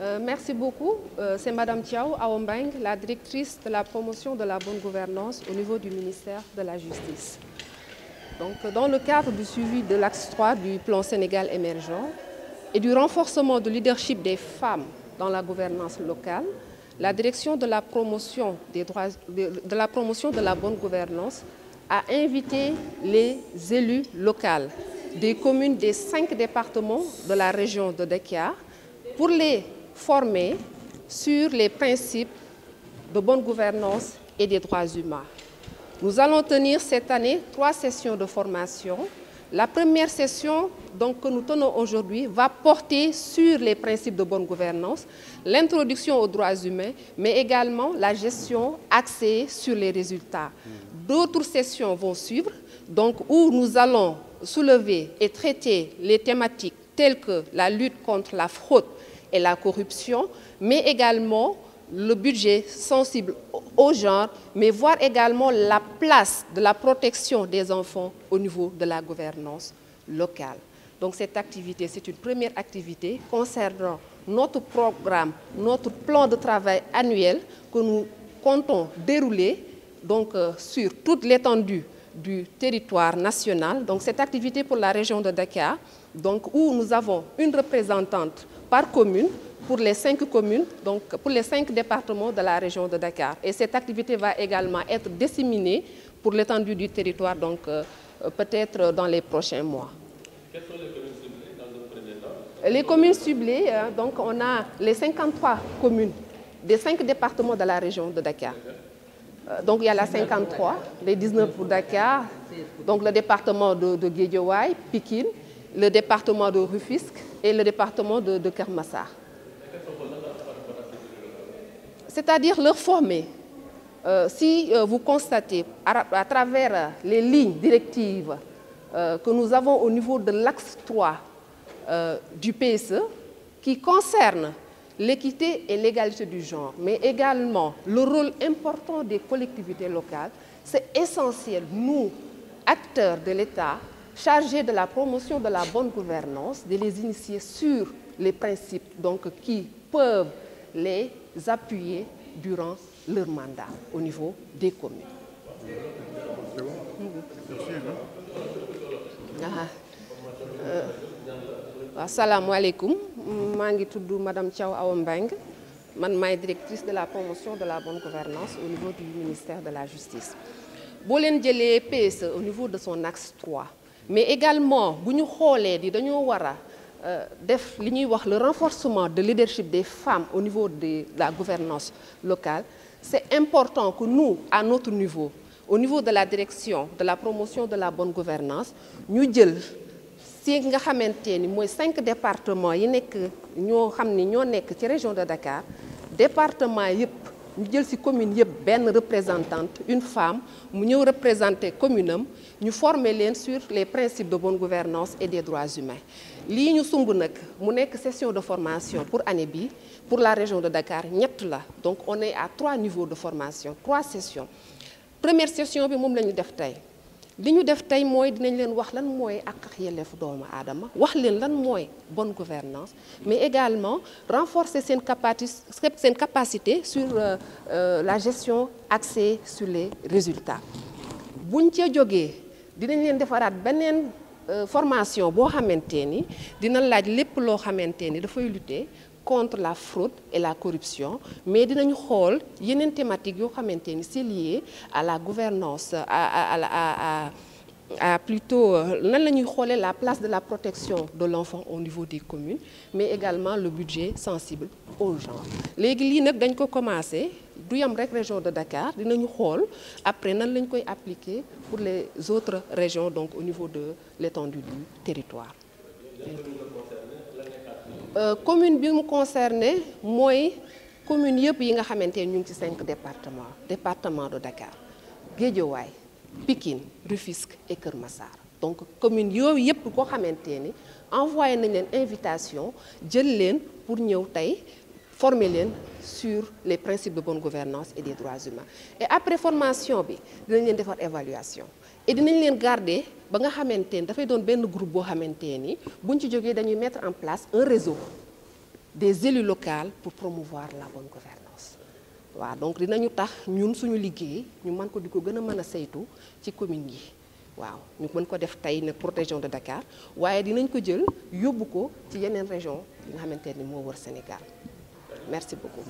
Euh, merci beaucoup. Euh, C'est Madame Thiao Aombang, la directrice de la promotion de la bonne gouvernance au niveau du ministère de la Justice. Donc, dans le cadre du suivi de l'axe 3 du plan Sénégal émergent et du renforcement du leadership des femmes dans la gouvernance locale, la direction de la promotion, des droits, de, de la, promotion de la bonne gouvernance a invité les élus locaux des communes des cinq départements de la région de Dakar pour les formés sur les principes de bonne gouvernance et des droits humains. Nous allons tenir cette année trois sessions de formation. La première session donc, que nous tenons aujourd'hui va porter sur les principes de bonne gouvernance, l'introduction aux droits humains, mais également la gestion axée sur les résultats. D'autres sessions vont suivre, donc, où nous allons soulever et traiter les thématiques telles que la lutte contre la fraude, et la corruption, mais également le budget sensible au genre, mais voir également la place de la protection des enfants au niveau de la gouvernance locale. Donc cette activité, c'est une première activité concernant notre programme, notre plan de travail annuel que nous comptons dérouler donc, euh, sur toute l'étendue du territoire national. Donc cette activité pour la région de Dakar, donc où nous avons une par commune pour les cinq communes, donc pour les cinq départements de la région de Dakar. Et cette activité va également être disséminée pour l'étendue du territoire, donc euh, peut-être dans les prochains mois. les communes ciblées donc on a les 53 communes des cinq départements de la région de Dakar. Euh, donc il y a la 53, les 19 pour Dakar, donc le département de, de Guédiouaï, Pikine, le département de Rufisque et le département de, de Kermassar. C'est-à-dire leur former. Euh, si euh, vous travers les lignes directives euh, que nous avons au niveau de l'axe 3 euh, du PSE, qui l'équité et l'égalité du genre, mais également le rôle important des collectivités locales, c'est essentiel, nous, acteurs de l'État, chargé de la promotion de la bonne gouvernance, de les initier sur les principes donc, qui peuvent les appuyer durant leur mandat au niveau des communes. Mmh. Ah. Euh, maa ngi tudd madame Thiaw Awa Mbengue man maay directrice de la promotion de la bonne gouvernance au niveau du ministère de la justice boo leen jëlee PSE au niveau de son axe 3 mais également bu ñu xoolee di dañoo war a euh, def li ñuy wax le renforcement de leadership des femmes au niveau de la gouvernance locale c'est important que nous à notre niveau au niveau de la direction de la promotion de la bonne gouvernance ñu jël si nga xamante ni mooy cinq départements yi nekk ñoo xam ni ñoo nekk ci région de Dakar département yëpp ñu jël ci commune yëpp benn représentante une femme mu ñëw représenter commune am ñu former leen sur les principes de bonne gouvernance et des droits humains lii ñu sumb nag mu nekk session de formation pour année bi pour la région de Dakar ñett la donc on est à trois niveaux de formation trois sessions première session bi moom la ñu def tey li ñu def tey mooy dinañ leen wax lan mooy ak ak yelleefu doomu aadama wax leen lan mooy bonne gouvernance mais également renforcer seen capacité seen capacité sur euh, euh, la gestion axée su les résultats buñ ca jógee dinañ leen defaraat beneen euh, formation boo xamante ni dina laaj lépp loo xamante ni dafay lutter contre la fraude et la corruption mais dinañu xool yeneen thématique yoo xamante ni c'est lié à la gouvernance à à à à à plutôt euh, nan la ñuy xoolee la place de la protection de l'enfant au niveau des communes mais également le budget sensible au genre léegi lii nag dañ ko commencer du yem rek région de Dakar dinañu xool après nan lañ koy appliquer pour les autres régions donc au niveau de l'étendue du territoire Euh, commune bi mu concerné mooy commune yëpp yi nga xamante ne ñu ngi ci cinq département département de Dakar Guédiawaye Pikine Rufisque et Kër Massar donc commune yooyu yëpp koo xamante ni envoyé nañ leen invitation jël leen pour ñëw tey former leen sur les principes de bonne gouvernance et des droits humains et après formation bi dinañ leen defar évaluation et dinañ leen garde ba nga xamante ni dafay doon benn groupe boo xamante ni buñ ci jógee dañuy mettre en place un réseau des élus locaux pour promouvoir la bonne gouvernance waaw donc dinañu tax ñun suñu liggéey ñu mën ko di ko gën a mën a saytu ci commune yi waaw ñu mën ko def tey nag protégion de Dakar waaye dinañ ko jël yóbbu ko ci yeneen région nga xamante ni moo wër Sénégal merci beaucoup